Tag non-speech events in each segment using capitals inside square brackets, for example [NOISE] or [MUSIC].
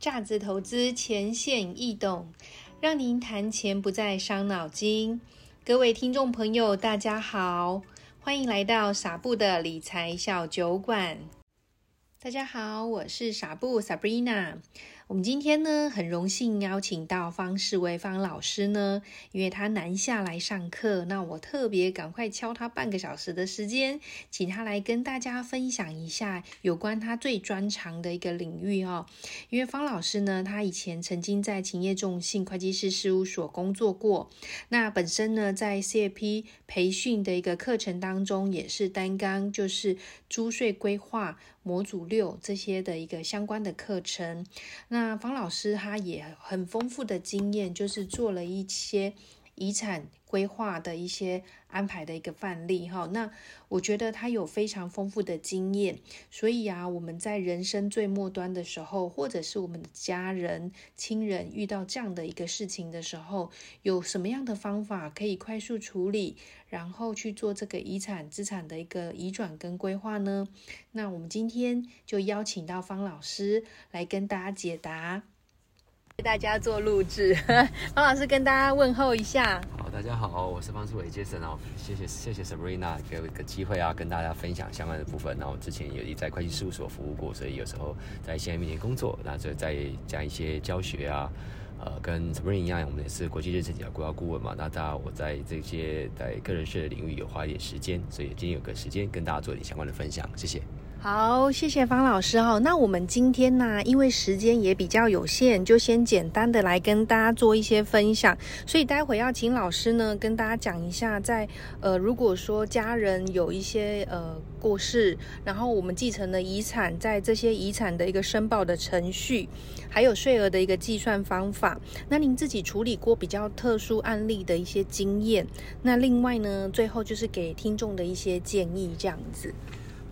價值投資，淺顯易懂，讓您談錢不再傷腦筋。各位聽眾朋友，大家好，歡迎來到傻布的理財小酒館。大家好，我是傻布 Sabrina。我們今天呢，很榮幸邀請到方士維方老師呢，因為他南下來上課，那我特別趕快敲他半個小時的時間，請他來跟大家分享一下有關他最專長的一個領域哦。因為方老師呢，他以前曾經在勤業眾信會計師事務所工作過，那本身呢，在 CFP 培訓的一個課程當中，也是擔綱就是租稅規劃模組六這些的一個相關的課程，那。那方老師他也很豐富的經驗，就是做了一些，遺產規劃的一些安排的一個範例哈，那我覺得他有非常豐富的經驗，所以啊，我們在人生最末端的時候，或者是我們的家人、親人遇到這樣的一個事情的時候，有什麼樣的方法可以快速處理，然後去做這個遺產資產的一個移轉跟規劃呢？那我們今天就邀請到方老師來跟大家解答。為大家做錄製，方 [LAUGHS] 老師跟大家問候一下。好，大家好，哦、我是方士維 Jason。然、哦、後謝謝謝謝 Sabrina 給我一個機會啊，跟大家分享相關的部分。然後之前也也在會計事務所服務過，所以有時候在企業面前工作，然後在加一些教學啊。呃，跟 Sabrina 一樣，我們也是國際認證的規劃顧問嘛。那當然我在這些在個人稅領域有花一點時間，所以今天有個時間跟大家做一點相關的分享，謝謝。好，謝謝方老師、哦。哈，那我們今天呢、啊，因為時間也比較有限，就先簡單的來跟大家做一些分享。所以待會要請老師呢，跟大家講一下在，在呃，如果說家人有一些呃過世，然後我們繼承了遺產，在這些遺產的一個申報的程序，還有稅額的一個計算方法，那您自己處理過比較特殊案例的一些經驗。那另外呢，最後就是給聽眾的一些建議，這樣子。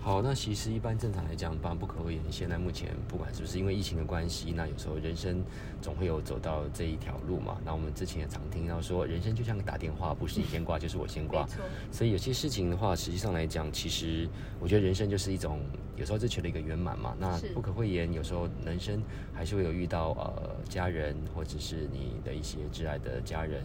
好，那其實一般正常來講，吧不，不可諱言。現在目前不管是不是因為疫情的關係，那有時候人生總會有走到這一條路嘛。那我們之前也常聽到說，人生就像打電話，不是你先掛就是我先掛。嗯，沒錯。所以有些事情的話，實際上來講，其實我覺得人生就是一種有時候就求得一個圓滿嘛。那不可諱言，有時候人生還是會有遇到呃家人或者是你的一些摯愛的家人。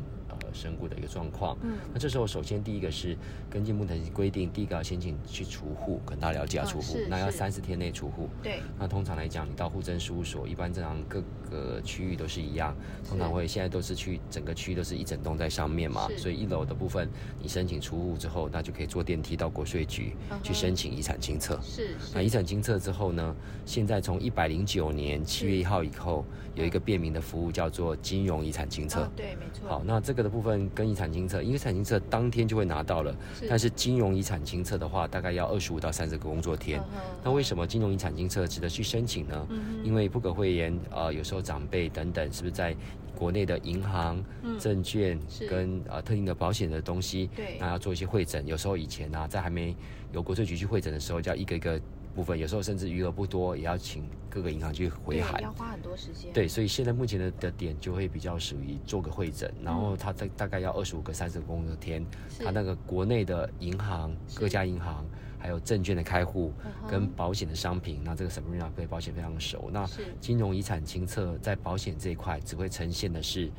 身故的一個狀況，嗯，那這時候首先第一個是根據目前規定，第一個要申請去除戶，可能他了解除戶，啊、那要三十天內除戶，對，那通常來講，你到戶政事務所，一般正常各個區域都是一樣，是通常會現在都是去整個區域都是一整棟在上面嘛，是所以一樓的部分，你申請除戶之後，那就可以坐電梯到國稅局去申請遺產清冊，是、嗯，那遺產清冊之後呢，現在從一百零九年七月一號以後，是有一個便民的服務叫做金融遺產清冊、啊，對，沒錯，好，那這個的部分部分跟遺產清冊，因為遺產清冊當天就會拿到了，是，但是金融遺產清冊的話，大概要二十五到三十個工作天。Uh huh. 那為什麼金融遺產清冊值得去申請呢？Uh huh. 因為不可諱言，呃，有時候長輩等等，是不是在國內的銀行、uh huh. 證券跟呃特定的保險的東西，嗯、那要做一些會診。對有時候以前呢、啊，在還沒有國稅局去會診的時候，要一個一個。部分有時候甚至餘額不多，也要請各個銀行去回函，啊，要花很多時間。對，所以現在目前的的點就會比較屬於做個會診，嗯、然後他大大概要二十五個三十個工作天。他是那個國內的銀行，是各家銀行還有證券的開戶跟保險的商品，嗯、哼那這個什麼亞對保險非常熟。是那金融遺產清冊在保險這一塊只會呈現的是，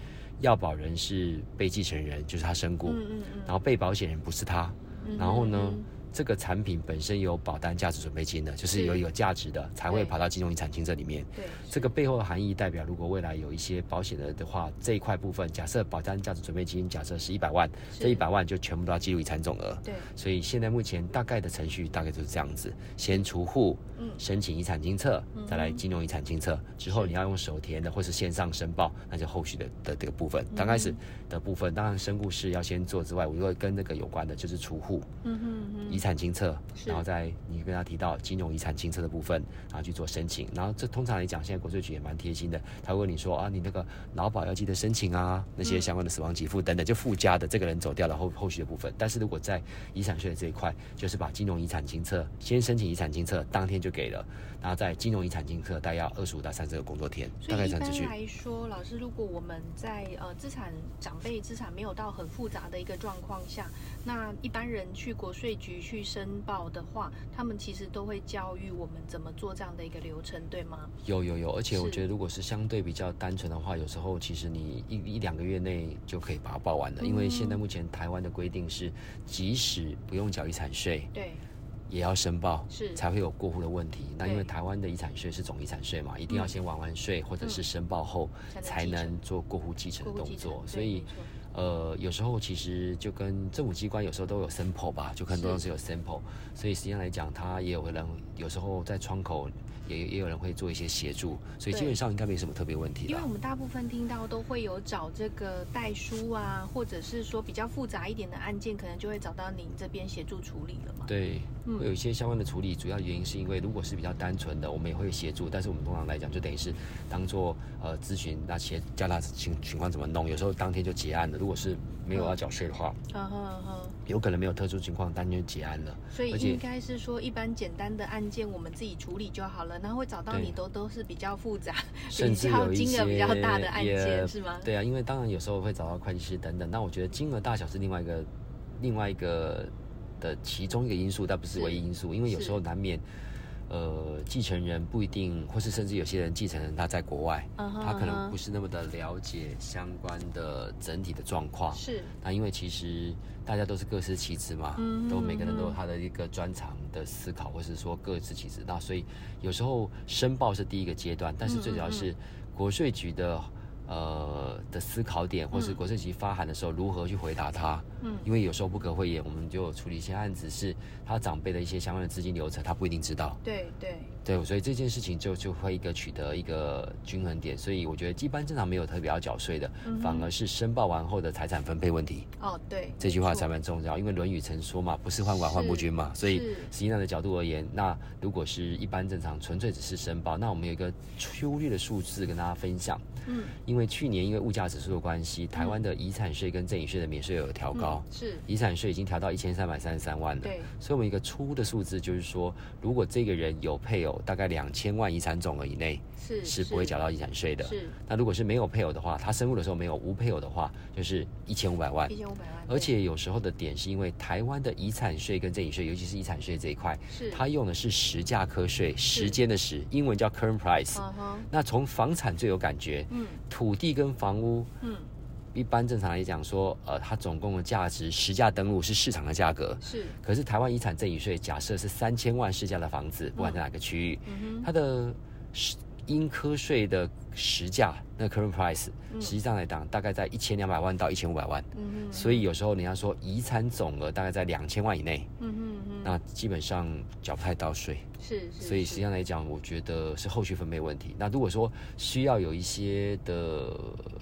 要保人是被繼承人，就是他身故，嗯嗯嗯然後被保險人不是他，嗯嗯然後呢？嗯這個產品本身有保單價值準備金的，就是有有價值的才會跑到金融遺產清冊裡面。對，這個背後的含義代表，如果未來有一些保險的的話，這一塊部分，假設保單價值準備金假設是一百萬，是這一百萬就全部都要記錄遺產總額。對，所以現在目前大概的程序大概就是這樣子：先除戶，嗯，申請遺產清冊，再來金融遺產清冊、嗯、之後，你要用手填的或是線上申報，那就後續的的,的,的這個部分。剛、嗯、開始的部分，當然身故是要先做之外，我因為跟那個有關的，就是除戶，嗯嗯嗯。遺產清冊，然後在你跟他提到金融遺產清冊的部分，然後去做申請，然後這通常來講，現在國稅局也蠻貼心的，他會問你說啊，你那個勞保要記得申請啊，那些相關的死亡給付等等，就附加的這個人走掉了後後續的部分。但是如果在遺產稅的這一塊，就是把金融遺產清冊先申請遺，遺產清冊當天就給了，然後在金融遺產清冊大概要二十五到三十個工作天。所以一般來說，老師，如果我們在呃資產長輩資產沒有到很複雜的一個狀況下，那一般人去國稅局。去申報的話，他們其實都會教育我們怎麼做這樣的一個流程，對嗎？有有有，而且我覺得，如果是相對比較單純的話，是有時候其實你一一兩個月內就可以把它報完了。嗯、因為現在目前台灣的規定是，即使不用繳遺產稅，對，也要申報，是才會有過戶的問題。對那因為台灣的遺產稅是總遺產稅嘛，一定要先完完稅、嗯、或者是申報後，才能，才能做過戶繼承的動作，所以。呃，有時候其實就跟政府機關有時候都有 sample 吧，就很多東西有 sample，是、啊、所以實際上來講，他也有可能有時候在窗口。也也有人會做一些協助，所以基本上應該沒什麼特別問題。因為我們大部分聽到都會有找這個代書啊，或者是說比較複雜一點的案件，可能就會找到您這邊協助處理了嘛。對，會、嗯、有一些相關的處理。主要原因是因為如果是比較單純的，我們也會協助，但是我們通常來講就等於是當做呃諮詢，那先教他情情況怎麼弄，有時候當天就結案了。如果是沒有要繳稅的話，嗯哼哼，有可能沒有特殊情況，但就結案了。所以應該是說，且一般簡單的案件我們自己處理就好了。然後會找到你都都是比較複雜，甚至有金額比較大的案件也是嗎？對啊，因為當然有時候會找到會計師等等。那我覺得金額大小是另外一個另外一個的其中一個因素，但不是唯一因素，是因為有時候難免。呃，繼承人不一定，或是甚至有些人繼承人他在國外，uh huh, uh huh. 他可能不是那麼的了解相關的整體的狀況。是。uh huh. 那因為其實大家都是各司其職嘛，uh huh. 都每個人都有他的一個專長的思考，或是說各司其職。那所以有時候申報是第一個階段，但是最主要是國稅局的。uh huh. 呃的思考點，或是國稅局發函的時候，嗯，如何去回答他？嗯，因為有時候不可諱言，我們就處理一些案子，是他長輩的一些相關的資金流程，他不一定知道。對對。對對，所以這件事情就就會一個取得一個均衡點，所以我覺得一般正常沒有特別要繳稅的，嗯、哼反而是申報完後的財產分配問題。哦，對，這句話才蠻重要，錯因為《論語》曾說嘛，不是患寡患不均嘛，是所以實際上的角度而言，是那如果是一般正常，純粹只是申報，那我們有一個粗略的數字跟大家分享。嗯，因為去年因為物價指數的關係，台灣的遺產稅跟贈與稅的免稅額有調高，嗯、是遺產稅已經調到一千三百三十三萬了。對，所以我們一個粗的數字就是說，如果這個人有配偶。大概兩千萬遺產總額以內是是不會繳到遺產稅的。是是 那如果是沒有配偶的話，他身故的時候沒有無配偶的話，就是一千五百萬。一千五百萬。而且有時候的點是因為台灣的遺產稅跟贈與稅，尤其是遺產稅這一塊，是它用的是時價課稅，時間的時，是 英文叫 current price。嗯哼。那從房產最有感覺。嗯。土地跟房屋。嗯。一般正常來講說，說呃，它總共的價值實價登錄是市場的價格。是。可是台灣遺產贈與稅假設是三千萬市價的房子，嗯、不管在哪個區域，嗯、哼它的實應課稅的實價，那 current price 實際上來講，嗯、大概在一千兩百萬到一千五百萬。嗯哼。所以有時候你要說遺產總額大概在兩千萬以內。嗯，哼嗯哼，那基本上繳不太到稅。是是。是所以實際上來講，是我覺得是後續分配問題。那如果說需要有一些的、呃、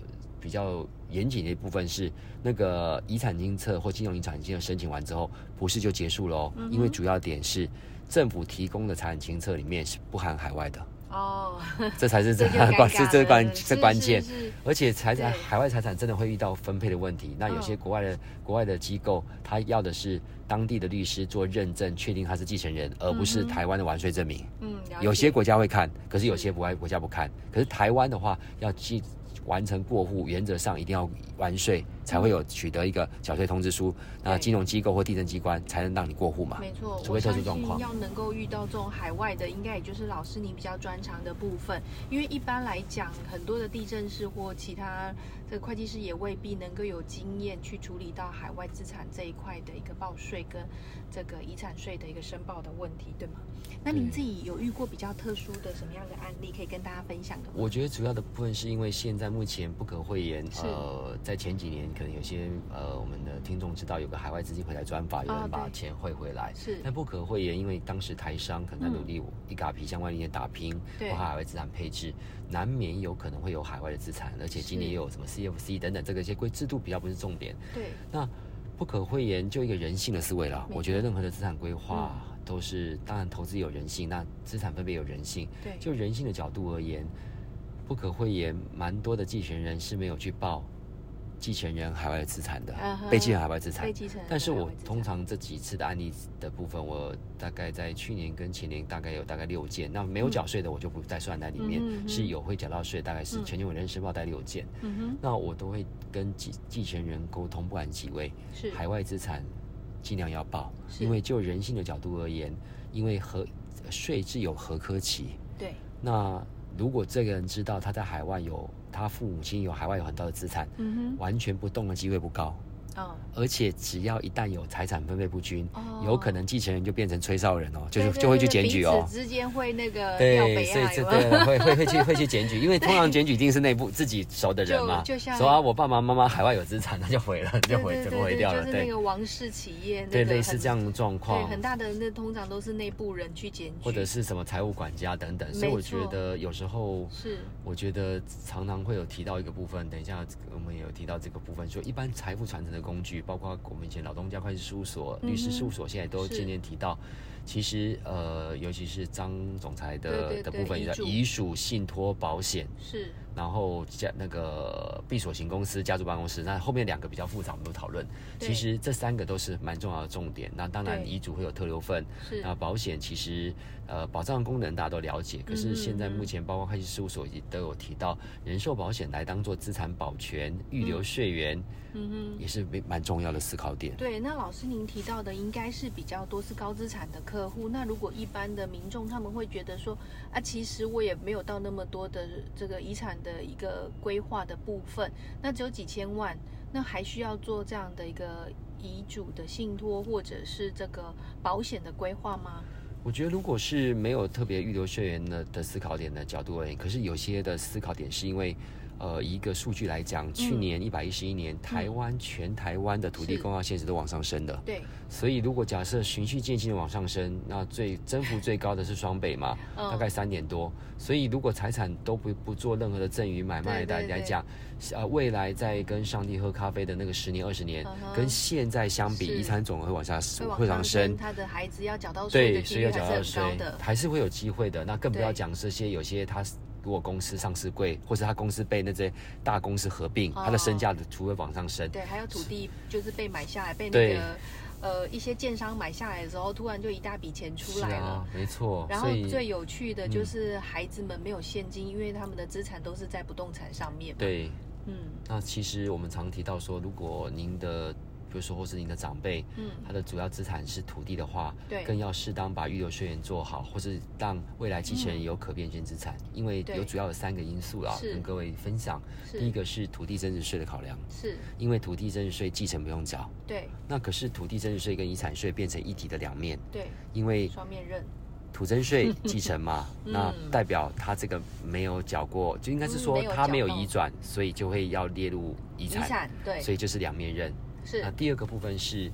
比較。嚴謹的一部分是那個遺產清冊或金融遺產，清冊申請完之後不是就結束了哦、喔，因為主要點是政府提供的財產清冊裡面是不含海外的哦、嗯哼，這才是 [LAUGHS] 這是關，是關，是關鍵。而且財產海外財產真的會遇到分配的問題對。那有些國外的國外的機構，他要的是當地的律師做認證，確定他是繼承人，而不是台灣的完稅證明嗯。嗯，有些國家會看，可是有些國外國家不看。嗯、可是台灣的話，要記。完成過戶，原則上一定要完稅，才會有取得一個繳稅通知書。對那金融機構或地政機關才能讓你過戶嘛？沒錯錯。除非特殊狀況。要能夠遇到這種海外的，應該也就是老師您比較專長的部分，因為一般來講，很多的地政士或其他這個會計師也未必能夠有經驗去處理到海外資產這一塊的一個報稅跟這個遺產稅的一個申報的問題，對嗎？對，那您自己有遇過比較特殊的什麼樣的案例可以跟大家分享的嗎？我覺得主要的部分是因為現在。目前不可諱言，是呃，在前幾年可能有些呃，我們的聽眾知道有個海外資金回來專法，有人把錢匯回來。是、啊。但不可諱言，因為當時台商可能在努力、嗯、一嘎皮相關的一些打拼，包括對海外資產配置，難免有可能會有海外的資產，而且今年也有什麼 CFC 等等，這個一些規制度比較不是重點。對。那不可諱言，就一個人性的思維了。我覺得任何的資產規劃、嗯、都是，當然投資有人性，那資產分別有人性。對。就人性的角度而言。不可諱言，蠻多的繼承人是沒有去報繼承人海外資產的，uh、huh, 被繼承海外資產。資產但是我通常這幾次的案例的部分，我大概在去年跟前年大概有大概六件，那沒有繳稅的我就不再算在裡面，嗯、是有會繳到稅，大概是前年我認識報大概六件，嗯嗯、那我都會跟繼繼承人溝通，不管幾位，是海外資產盡量要報，是因為就人性的角度而言，因為和稅制有核課期，對，那。如果這個人知道他在海外有他父母親有海外有很多的資產，嗯哼，完全不動的機會不高。哦，而且只要一旦有財產分配不均，哦、有可能繼承人就變成吹哨人哦、喔，對對對就是就會去檢舉哦、喔，彼此之間會那個對，所以這個會會會去會去檢舉，因為通常檢舉一定是內部自己熟的人嘛，就，就像說啊，我爸爸媽，媽媽海外有資產，他就毀了，就毀就毀掉了，對，對，對，對，就是、那個王室企業，對，類似這樣的狀況，對，很大的那通常都是內部人去檢舉，或者是什麼財務管家等等，沒錯，所以我覺得有時候是，我覺得常常會有提到一個部分，等一下我們也有提到這個部分，說一般財富傳承的。工具包括我們以前老東家會計師事務所、律師事務所，現在都漸漸提到。嗯其實，呃，尤其是張總裁的對對對的部分，遺囑，遺囑信託保險是，然後加那個閉鎖型公司、家族辦公室，那後面兩個比較複雜，我們有討論。對其實這三個都是蠻重要的重點。那當然，遺囑會有特留份，對是那保險其實，呃，保障功能大家都了解。可是現在目前，包括會計師事務所也都有提到，人壽保險來當做資產保全、預留稅源，嗯嗯，也是蠻蠻重要的思考點。對，那老師您提到的應該是比較多是高資產的。客戶，那如果一般的民眾，他們會覺得說啊，其實我也沒有到那麼多的這個遺產的一個規劃的部分，那只有幾千萬，那還需要做這樣的一個遺囑的信託或者是這個保險的規劃嗎？我覺得如果是沒有特別預留稅源的的思考點的角度而言，可是有些的思考點是因為。呃，一個數據來講，去年一百一十一年，台灣全台灣的土地公告現值，都往上升的。對。所以如果假設循序漸進的往上升，那最增幅最高的是雙北嘛，大概三點多。所以如果財產都不不做任何的贈與買賣的來講，呃，未來在跟上帝喝咖啡的那個十年、二十年，跟現在相比，遺產總額會往下會往上升。他的孩子要繳到稅，對，所以要繳到稅，還是會有機會的。那更不要講這些，有些他。如果公司上市貴，或是他公司被那些大公司合併，哦、他的身價的除非往上升。對，還有土地就是被買下來，是被那個對呃一些建商買下來的時候，突然就一大筆錢出來了，啊、沒錯。然後最有趣的就是孩子們沒有現金，嗯、因為他們的資產都是在不動產上面。對，嗯。那其實我們常提到說，如果您的比如說，或是你的長輩，嗯，他的主要資產是土地的話，更要適當把預留稅源做好，或是讓未來繼承人有可變性資產。因為有主要有三個因素啊，跟各位分享。第一個是土地增值稅的考量，是因為土地增值稅繼承不用繳，對。那可是土地增值稅跟遺產稅變成一體的兩面，對，因為雙面刃。土增稅繼承嘛，那代表他這個沒有繳過，就應該是說他沒有移轉，所以就會要列入遺產，對，所以就是兩面刃。是，那第二個部分是，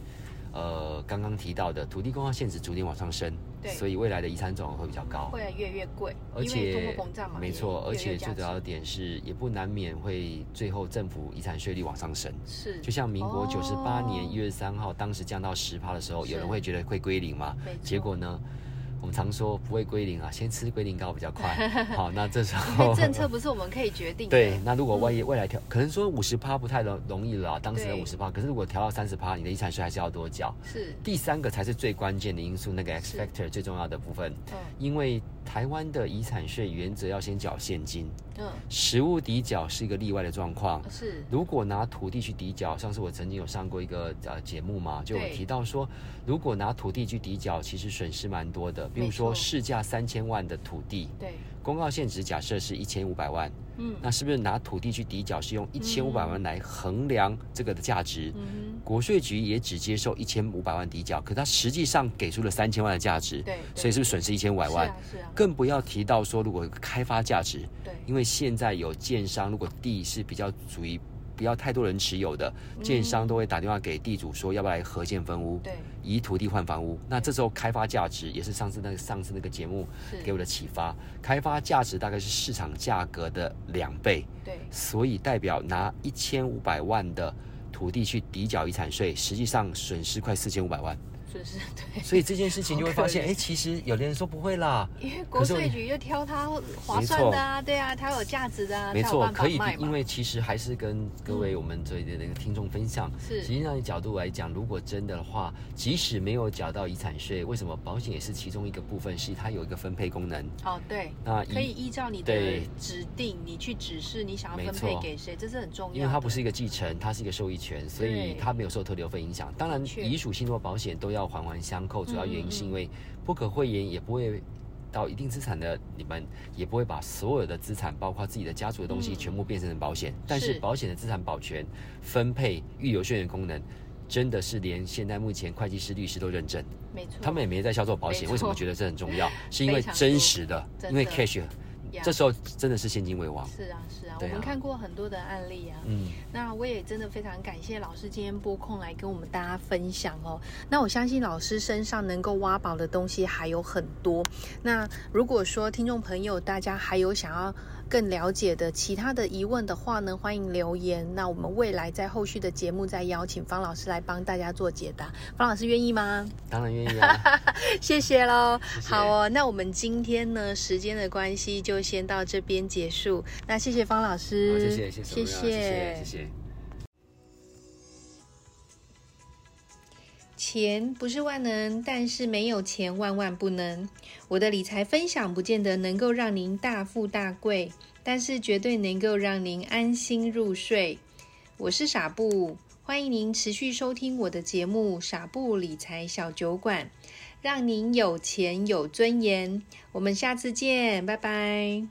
呃，剛剛提到的土地公告現值逐年往上升，對，所以未來的遺產總額會比較高，會越越貴，而且通貨膨脹嘛，沒錯錯，越越而且最主要的點是，也不難免會最後政府遺產稅率往上升，是，就像民國九十八年一月三號、哦、當時降到十趴的時候，是有人會覺得會歸零嗎？錯結果呢？我們常說不會歸零啊，先吃歸零膏比較快。好，那這時候 [LAUGHS] 政策不是我們可以決定的。對，那如果萬一未來調，嗯、可能說五十趴不太容容易了、啊。當時的五十趴，對可是如果調到三十趴，你的遺產稅還是要多繳。是，第三個才是最關鍵的因素，那個 X Factor 是最重要的部分。對、嗯。因為台灣的遺產稅原則要先繳現金，嗯，實物抵繳是一個例外的狀況。是，如果拿土地去抵繳，上次我曾經有上過一個呃節目嘛，就有提到說，對如果拿土地去抵繳，其實損失蠻多的。比如說市價三千萬的土地，對，公告現值假設是一千五百萬，嗯，那是不是拿土地去抵繳是用一千五百萬來衡量這個的價值？嗯，國稅局也只接受一千五百萬抵繳，可它實際上給出了三千萬的價值對，對，所以是不是損失一千五百萬？對對啊啊、更不要提到說如果有開發價值，對，因為現在有建商，如果地是比較屬於。不要太多人持有的建商都會打電話給地主說，要不要來合建分屋？嗯、對，以土地換房屋。那這時候開發價值也是上次那個上次那個節目給我的啟發，是開發價值大概是市場價格的兩倍，對，所以代表拿一千五百萬的土地去抵繳遺產稅，實際上損失快四千五百萬。是，對，所以這件事情就會發現，哎，其實有的人說不會啦，因為國稅局又挑它划算的啊，對啊，它有價值的啊。沒錯，可以，因為其實還是跟各位我們這裡的那個聽眾分享，是，實際上角度來講，如果真的話，即使沒有繳到遺產稅，為什麼保險也是其中一個部分，是它有一個分配功能，哦，對，那可以依照你的指定，你去指示你想要分配給誰，這是很重要，因為它不是一個繼承，它是一個受益權，所以它沒有受特留分影響，當然，遺囑、信託、保險都要。環環相扣，主要原因是因為不可諱言，也不會到一定資產的，你們也不會把所有的資產，包括自己的家族的東西，全部變成保險。嗯、但是保險的資產保全、是分配、預留稅的功能，真的是連現在目前會計師、律師都認證。沒錯，他們也沒在銷售保險，沒錯為什麼覺得這很重要？非常 是因為真實的，的因為 cash。Yeah, 這時候真的是現金為王。是啊，是啊，啊我們看過很多的案例啊。嗯，那我也真的非常感謝老師今天撥空來跟我們大家分享哦。那我相信老師身上能夠挖寶的東西還有很多。那如果說聽眾朋友大家還有想要，更了解的其他的疑問的話呢，歡迎留言。那我們未來在後續的節目再邀請方老師來幫大家做解答。方老師願意嗎？當然願意了，啊。 [LAUGHS] 謝謝嘍。謝謝。好哦，那我們今天呢，時間的關係就先到這邊結束。那謝謝方老師。謝謝，謝謝，謝謝，謝謝。謝謝，謝謝。錢不是萬能，但是沒有錢萬萬不能。我的理財分享不見得能夠讓您大富大貴，但是絕對能夠讓您安心入睡。我是傻布，歡迎您持續收聽我的節目《傻布理財小酒館》，讓您有錢有尊嚴。我們下次見，拜拜。